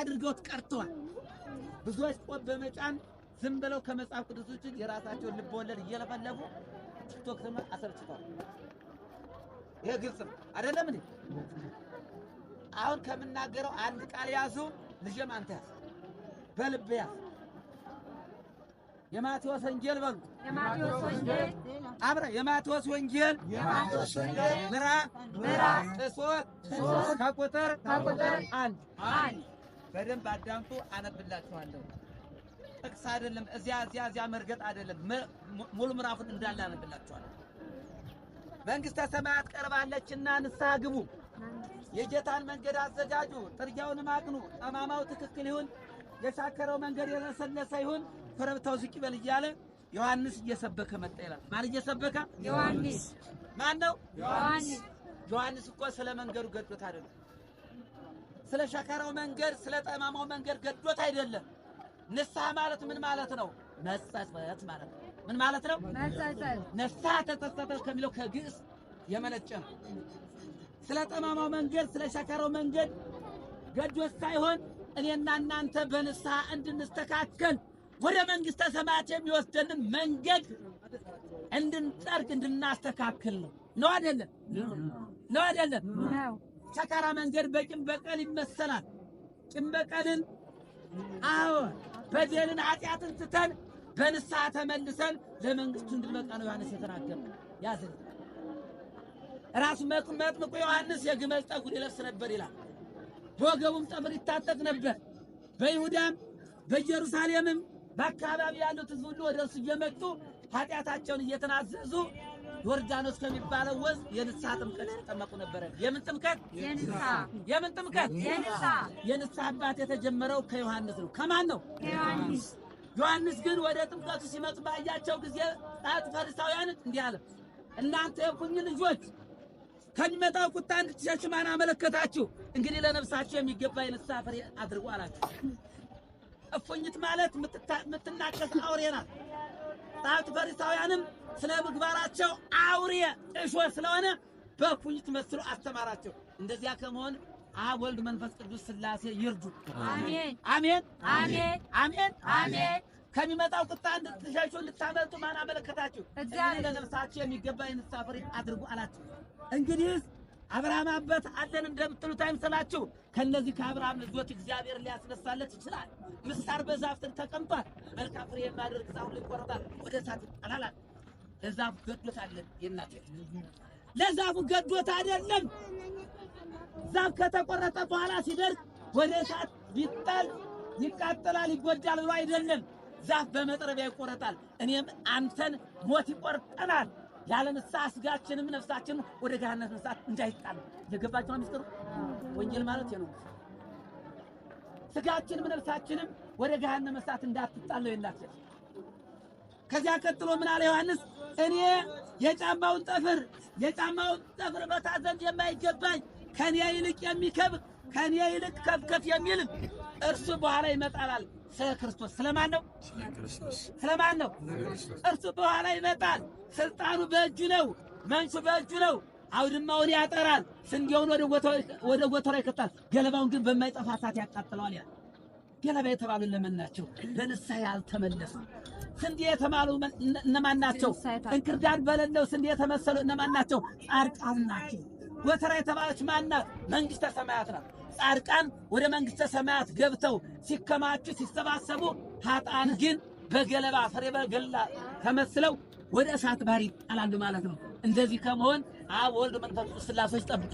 አድርገውት ቀርተዋል። ብዙዎች ቆብ በመጫን ዝም ብለው ከመጽሐፍ ቅዱስ ውጭ የራሳቸውን ልብ ወለድ እየለፈለፉ ቲክቶክ ስም አሰርችተዋል። ይሄ ግልጽ ነው አይደለም እንዴ? አሁን ከምናገረው አንድ ቃል ያዙ። ልጅም አንተ ያዝ፣ በልብ ያዝ። የማቴዎስ ወንጌል በሉ አብረ የማቴዎስ ወንጌል ምዕራፍ ሶስት ከቁጥር አንድ በደንብ አዳምጡ፣ አነብላችኋለሁ። ጥቅስ አይደለም፣ እዚያ እዚያ እዚያ መርገጥ አይደለም። ሙሉ ምዕራፉን እንዳለ አነብላችኋለሁ። መንግሥተ ሰማያት ቀርባለችና ንስሐ ግቡ፣ የጌታን መንገድ አዘጋጁ፣ ጥርጊያውንም አቅኑ። ጠማማው ትክክል ይሁን፣ የሻከረው መንገድ የረሰለሰ ይሁን፣ ኮረብታው ዝቅ ይበል እያለ ዮሐንስ እየሰበከ መጣ ይላል። ማን እየሰበከ? ዮሐንስ። ማን ነው? ዮሐንስ። ዮሐንስ እኮ ስለ መንገዱ ገዶት አይደለም ስለ ሸከራው መንገድ፣ ስለ ጠማማው መንገድ ገዶት አይደለም። ንስሐ ማለት ምን ማለት ነው? መጸጸት ማለት ነው። ምን ማለት ነው? ንስሐ ተጸጸተ ከሚለው ከግዕስ የመነጨ ነው። ስለ ጠማማው መንገድ፣ ስለ ሸከራው መንገድ ገዶት ሳይሆን እኔና እናንተ በንስሐ እንድንስተካከል ወደ መንግሥተ ሰማያት የሚወስደንን መንገድ እንድንጠርግ እንድናስተካክል ነው ነው አይደለም? ነው አይደለም? ሰካራ መንገድ በቂም በቀል ይመሰላል። ቂም በቀልን አዎ በደልን ኃጢአትን ትተን በንስሐ ተመልሰን ለመንግስቱ እንድንበቃ ነው ዮሐንስ የተናገረ ያዝን ራሱ መጥምቁ ዮሐንስ የግመል ጠጉር ይለብስ ነበር ይላል። በወገቡም ጠምር ይታጠቅ ነበር። በይሁዳም በኢየሩሳሌምም በአካባቢ ያሉት ህዝብ ሁሉ ወደ እርሱ እየመጡ ኃጢአታቸውን እየተናዘዙ ዮርዳኖስ ከሚባለው ወንዝ የንስሐ ጥምቀት የተጠመቁ ነበረ። የምን ጥምቀት? የምን ጥምቀት? የንስሐ አባት የተጀመረው ከዮሐንስ ነው። ከማን ነው? ዮሐንስ ግን ወደ ጥምቀቱ ሲመጡ ባያቸው ጊዜ ጣት ፈሪሳውያን እንዲህ አለ፣ እናንተ የኩኝ ልጆች ከሚመጣው ቁጣ እንድትሸሽ ማን አመለከታችሁ? እንግዲህ ለነፍሳችሁ የሚገባ የንስሐ ፍሬ አድርጉ አላችሁ። እፉኝት ማለት የምትናቀስ አውሬ ናት። ጸሐፍት ፈሪሳውያንም ስለ ምግባራቸው አውሬ እሾ ስለሆነ በእፉኝት መስሎ አስተማራቸው። እንደዚያ ከመሆን አብ ወልድ መንፈስ ቅዱስ ስላሴ ይርዱ። አሜን አሜን አሜን አሜን አሜን። ከሚመጣው ቁጣ እንድትሸሹ እንድታመልጡ ማን አመለከታችሁ? እግዚአብሔር ለነፍሳችሁ የሚገባ የንስሐ ፍሬ አድርጉ አላችሁ። እንግዲህ አብርሃም አባት አለን እንደምትሉት አይምሰላችሁ። ከነዚህ ከአብርሃም ልጆች እግዚአብሔር ሊያስነሳለት ይችላል። ምሳር በዛፍትን ተቀምጧል። መልካም ፍሬ የማያደርግ ዛፉ ይቆረጣል፣ ወደ እሳት ይጣላል። ለዛፉ ገዶት አይደለም የእናት ለዛፉ ገዶት አይደለም። ዛፍ ከተቆረጠ በኋላ ሲደርቅ ወደ እሳት ቢጣል ይቃጠላል፣ ይጎዳል ብሎ አይደለም። ዛፍ በመጥረቢያ ይቆረጣል። እኔም አንተን ሞት ይቆርጠናል። ያለ ንስሐ ስጋችንም ነፍሳችንም ወደ ገሃነመ እሳት እንዳይጣል የገባችሁ ሚስጥሩ ወንጌል ማለት ነው። ስጋችንም ነፍሳችንም ወደ ገሃነመ እሳት እንዳትጣል ነው የላችሁ። ከዚያ ቀጥሎ ምን አለ ዮሐንስ? እኔ የጫማውን ጠፍር የጫማውን ጠፍር በታዘንድ የማይገባኝ ከኔ ይልቅ የሚከብር ከኔ ይልቅ ከፍከፍ የሚል እርሱ በኋላ ይመጣላል። ስለ ክርስቶስ ስለማን ነው? ስለማን ነው? እርሱ በኋላ ይመጣል። ስልጣኑ በእጁ ነው። መንሹ በእጁ ነው። አውድማውን ያጠራል፣ ስንዴውን ወደ ጎተራ ይከታል፣ ገለባውን ግን በማይጠፋ እሳት ያቃጥለዋል ያ ገለባ የተባሉ እነማን ናቸው? በንስሐ ያልተመለሱ ስንዴ የተባሉ እነማን ናቸው? እንክርዳድ በለለው ስንዴ የተመሰሉ እነማን ናቸው? ጻድቃን ናቸው። ጎተራ የተባለች ማናት? መንግሥተ ሰማያት ናት። ጻድቃን ወደ መንግሥተ ሰማያት ገብተው ሲከማቹ ሲሰባሰቡ፣ ኃጥአን ግን በገለባ ፍሬ በገላ ተመስለው ወደ እሳት ባህር ይጣላሉ ማለት ነው። እንደዚህ ከመሆን አብ ወልድ መንፈስ ቅዱስ ስላሶች ጠብቁ።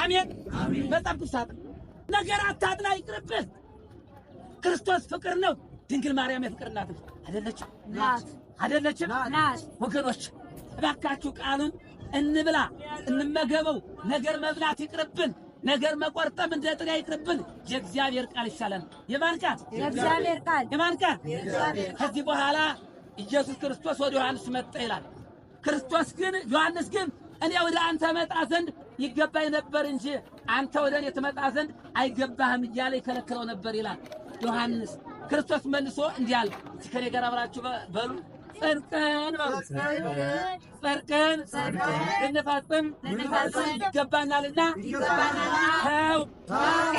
አሜን። በጣም ቅዱሳት ነገር አታጥና፣ ይቅርብን። ክርስቶስ ፍቅር ነው። ድንግል ማርያም የፍቅር እናት አይደለችም? አይደለችም? ወገኖች እባካችሁ ቃሉን እንብላ፣ እንመገበው። ነገር መብላት ይቅርብን። ነገር መቆርጠም እንደ ጥሪያ ይቅርብን። የእግዚአብሔር ቃል ይሻላል። የማን ቃል? የእግዚአብሔር ቃል። የማን ቃል? ከዚህ በኋላ ኢየሱስ ክርስቶስ ወደ ዮሐንስ መጣ ይላል። ክርስቶስ ግን ዮሐንስ ግን እኔ ወደ አንተ መጣ ዘንድ ይገባኝ ነበር እንጂ አንተ ወደ እኔ ትመጣ ዘንድ አይገባህም እያለ ይከለክለው ነበር ይላል ዮሐንስ። ክርስቶስ መልሶ እንዲህ አለ። ከኔ ጋር አብራችሁ በሉ ጸድቀን ጸድቀን እንፈጽም ይገባናልና ተው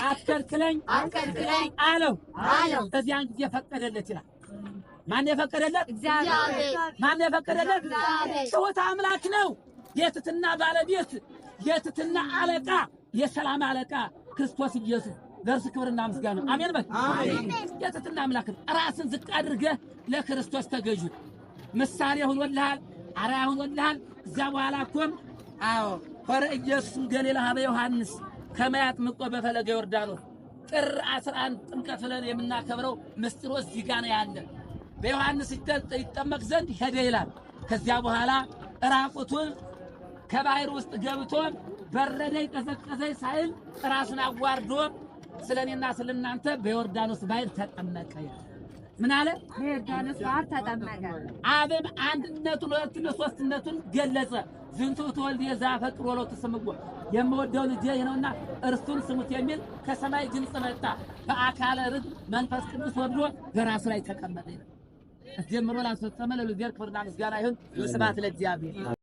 አትከልክለኝ አለው። በዚያን ጊዜ ፈቀደለት ይላል ማን የፈቀደለት? ማን የፈቀደለት? ጽሑተ አምላክ ነው። የትትና ባለቤት፣ የትትና አለቃ፣ የሰላም አለቃ ክርስቶስ ኢየሱስ ደርስ ክብርና ምስጋና አሜን በል። የትትና አምላክ ራስን ዝቅ አድርገህ ለክርስቶስ ተገዥ። ምሳሌ ሆኖልሃል፣ አርአያ ሆኖልሃል። እዚያ በኋላ እኮም አዎ ሆረ ኢየሱስ ገሊላ ሀበ ዮሐንስ ከማያት ምቆ በፈለገ ዮርዳኖስ ጥር 11 ጥምቀት ብለን የምናከብረው ምስጢሮስ ዚጋ ነው ያለ በዮሐንስ ይጠመቅ ዘንድ ሄደ ይላል። ከዚያ በኋላ ራቁቱን ከባህር ውስጥ ገብቶ በረደኝ ቀዘቀዘኝ ሳይል ራሱን አዋርዶ ስለ እኔና ስለ እናንተ በዮርዳኖስ ባሕር ተጠመቀ ይላል። ምን አለ? በዮርዳኖስ ባሕር ተጠመቀ። አብም አንድነቱን ሁለትነት ሦስትነቱን ገለጸ። ዝንቱ ትወልድ ዘአፈቅር ወለው ትስምዑ የምወደው ልጄ ነውና እርሱን ስሙት የሚል ከሰማይ ድምፅ መጣ። በአካለ ርግብ መንፈስ ቅዱስ ወርዶ በራሱ ላይ ተቀመጠ ይላል። አስጀምሮ ላስፈጸመ ለእግዚአብሔር ክብርና ምስጋና ይሁን። ስብሐት ለእግዚአብሔር።